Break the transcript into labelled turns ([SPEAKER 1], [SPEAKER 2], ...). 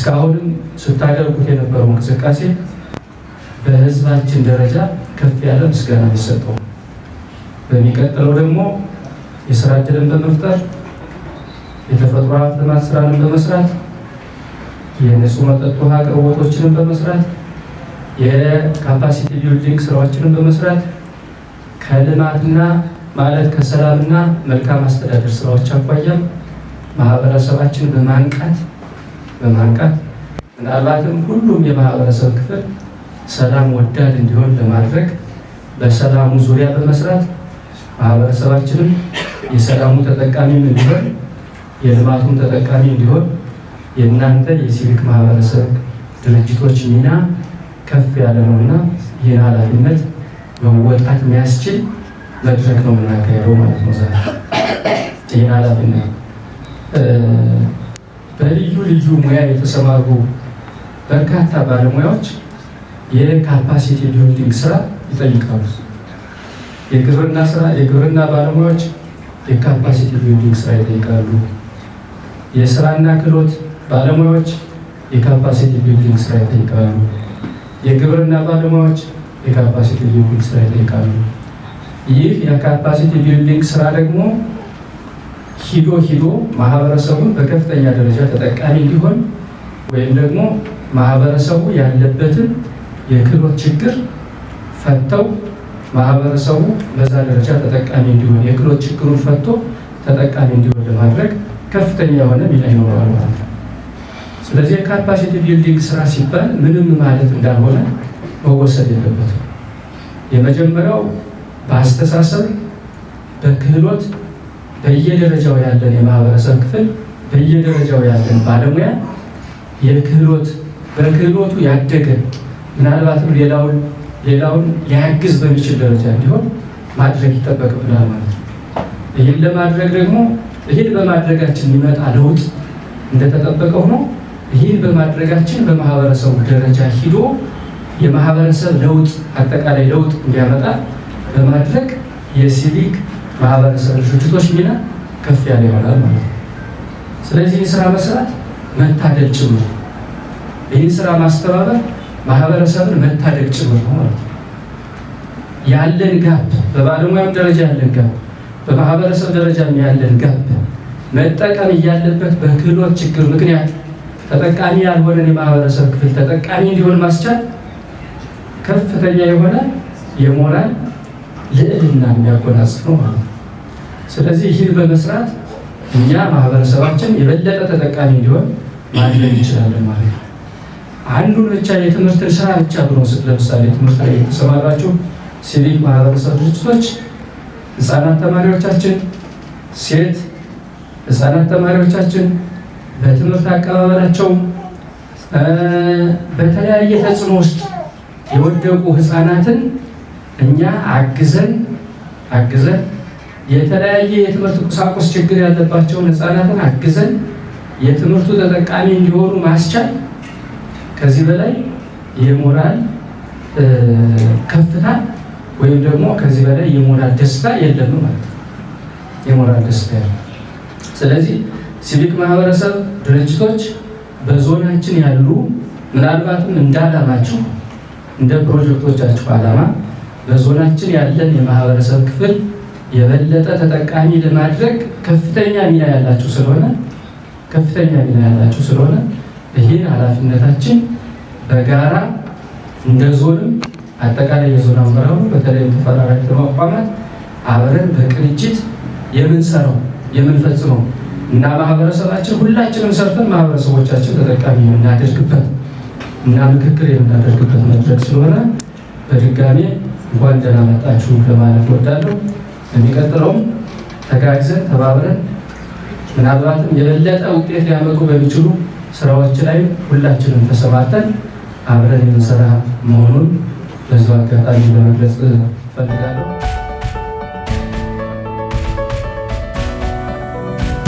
[SPEAKER 1] እስካሁንም ስታደርጉት የነበረው እንቅስቃሴ በህዝባችን ደረጃ ከፍ ያለ ምስጋና የሚሰጠው። በሚቀጥለው ደግሞ የስራ እድልን በመፍጠር የተፈጥሮ ሀብት ልማት ስራንም በመስራት የንጹህ መጠጥ ውሃ አቅርቦቶችንም በመስራት የካፓሲቲ ቢልዲንግ ስራዎችንም በመስራት ከልማትና ማለት ከሰላምና መልካም አስተዳደር ስራዎች አኳያ ማህበረሰባችን በማንቃት በማንቃት ምናልባትም ሁሉም የማህበረሰብ ክፍል ሰላም ወዳድ እንዲሆን ለማድረግ በሰላሙ ዙሪያ በመስራት ማህበረሰባችንም የሰላሙ ተጠቃሚም እንዲሆን የልማቱም ተጠቃሚ እንዲሆን የእናንተ የሲቪክ ማህበረሰብ ድርጅቶች ሚና ከፍ ያለ ነውና ይህን ኃላፊነት መወጣት የሚያስችል መድረክ ነው የምናካሄደው ማለት ነው። ዛሬ ይህን ኃላፊነት ልዩ ሙያ የተሰማሩ በርካታ ባለሙያዎች የካፓሲቲ ቢልዲንግ ስራ ይጠይቃሉ። የግብርና ስራ የግብርና ባለሙያዎች የካፓሲቲ ቢልዲንግ ስራ ይጠይቃሉ። የስራና ክህሎት ባለሙያዎች የካፓሲቲ ቢልዲንግ ስራ ይጠይቃሉ። የግብርና ባለሙያዎች የካፓሲቲ ቢልዲንግ ስራ ይጠይቃሉ። ይህ የካፓሲቲ ቢልዲንግ ስራ ደግሞ ሂዶ ሂዶ ማህበረሰቡን በከፍተኛ ደረጃ ተጠቃሚ እንዲሆን ወይም ደግሞ ማህበረሰቡ ያለበትን የክህሎት ችግር ፈተው ማህበረሰቡ በዛ ደረጃ ተጠቃሚ እንዲሆን የክህሎት ችግሩን ፈቶ ተጠቃሚ እንዲሆን ለማድረግ ከፍተኛ የሆነ ሚና ይኖረዋል ማለት ነው። ስለዚህ የካፓሲቲ ቢልዲንግ ስራ ሲባል ምንም ማለት እንዳልሆነ መወሰድ የለበትም። የመጀመሪያው በአስተሳሰብ በክህሎት በየደረጃው ያለን የማህበረሰብ ክፍል በየደረጃው ያለን ባለሙያ የክህሎት በክህሎቱ ያደገ ምናልባትም ሌላውን ሌላውን ሊያግዝ በሚችል ደረጃ እንዲሆን ማድረግ ይጠበቅብናል ማለት ነው። ይህን ለማድረግ ደግሞ ይህን በማድረጋችን የሚመጣ ለውጥ እንደተጠበቀ ሆኖ ይህን በማድረጋችን በማህበረሰቡ ደረጃ ሂዶ የማህበረሰብ ለውጥ አጠቃላይ ለውጥ እንዲያመጣ በማድረግ የሲቪክ ማህበረሰብ ድርጅቶች ሚና ከፍ ያለ ይሆናል ማለት ነው። ስለዚህ ይህ ስራ መስራት መታደግ ጭምር፣ ይህን ስራ ማስተባበር ማህበረሰብን መታደግ ጭምር ነው ማለት ነው። ያለን ጋብ በባለሙያም ደረጃ ያለን ጋብ በማህበረሰብ ደረጃም ያለን ጋብ መጠቀም እያለበት በክህሎት ችግር ምክንያት ተጠቃሚ ያልሆነን የማህበረሰብ ክፍል ተጠቃሚ እንዲሆን ማስቻል ከፍተኛ የሆነ የሞራል ልዕልና የሚያጎናጽፍ ነው ማለት ነው። ስለዚህ ይህን በመስራት እኛ ማህበረሰባችን የበለጠ ተጠቃሚ እንዲሆን ማድረግ እንችላለን ማለት ነው። አንዱን ብቻ የትምህርትን ስራ ብቻ ብንወስድ ለምሳሌ ትምህርት ላይ የተሰማራችሁ ሲቪክ ማህበረሰብ ድርጅቶች ህፃናት ተማሪዎቻችን፣ ሴት ህፃናት ተማሪዎቻችን በትምህርት አቀባበላቸው በተለያየ ተጽዕኖ ውስጥ የወደቁ ህፃናትን እኛ አግዘን አግዘን የተለያየ የትምህርት ቁሳቁስ ችግር ያለባቸውን ህፃናትን አግዘን የትምህርቱ ተጠቃሚ እንዲሆኑ ማስቻል ከዚህ በላይ የሞራል ከፍታ ወይም ደግሞ ከዚህ በላይ የሞራል ደስታ የለም ማለት ነው። የሞራል ደስታ ያለ ስለዚህ ሲቪክ ማህበረሰብ ድርጅቶች በዞናችን ያሉ ምናልባትም እንዳላማችሁ እንደ ፕሮጀክቶቻችሁ አላማ በዞናችን ያለን የማህበረሰብ ክፍል የበለጠ ተጠቃሚ ለማድረግ ከፍተኛ ሚና ያላችሁ ስለሆነ ከፍተኛ ሚና ያላችሁ ስለሆነ ይህን ኃላፊነታችን በጋራ እንደ ዞንም አጠቃላይ የዞን አመራሩ በተለይም ተፈራራጅ ተቋማት አብረን በቅንጅት የምንሰራው የምንፈጽመው እና ማህበረሰባችን ሁላችንም ሰርተን ማህበረሰቦቻችን ተጠቃሚ የምናደርግበት እና ምክክር የምናደርግበት መድረክ ስለሆነ በድጋሜ እንኳን ደህና መጣችሁ ለማለት እወዳለሁ። በሚቀጥለውም ተጋግዘን ተባብረን ምናልባትም የበለጠ ውጤት ሊያመጡ በሚችሉ ስራዎች ላይ ሁላችንም ተሰማርተን አብረን የምንሰራ መሆኑን በዚሁ አጋጣሚ ለመግለጽ ፈልጋለሁ።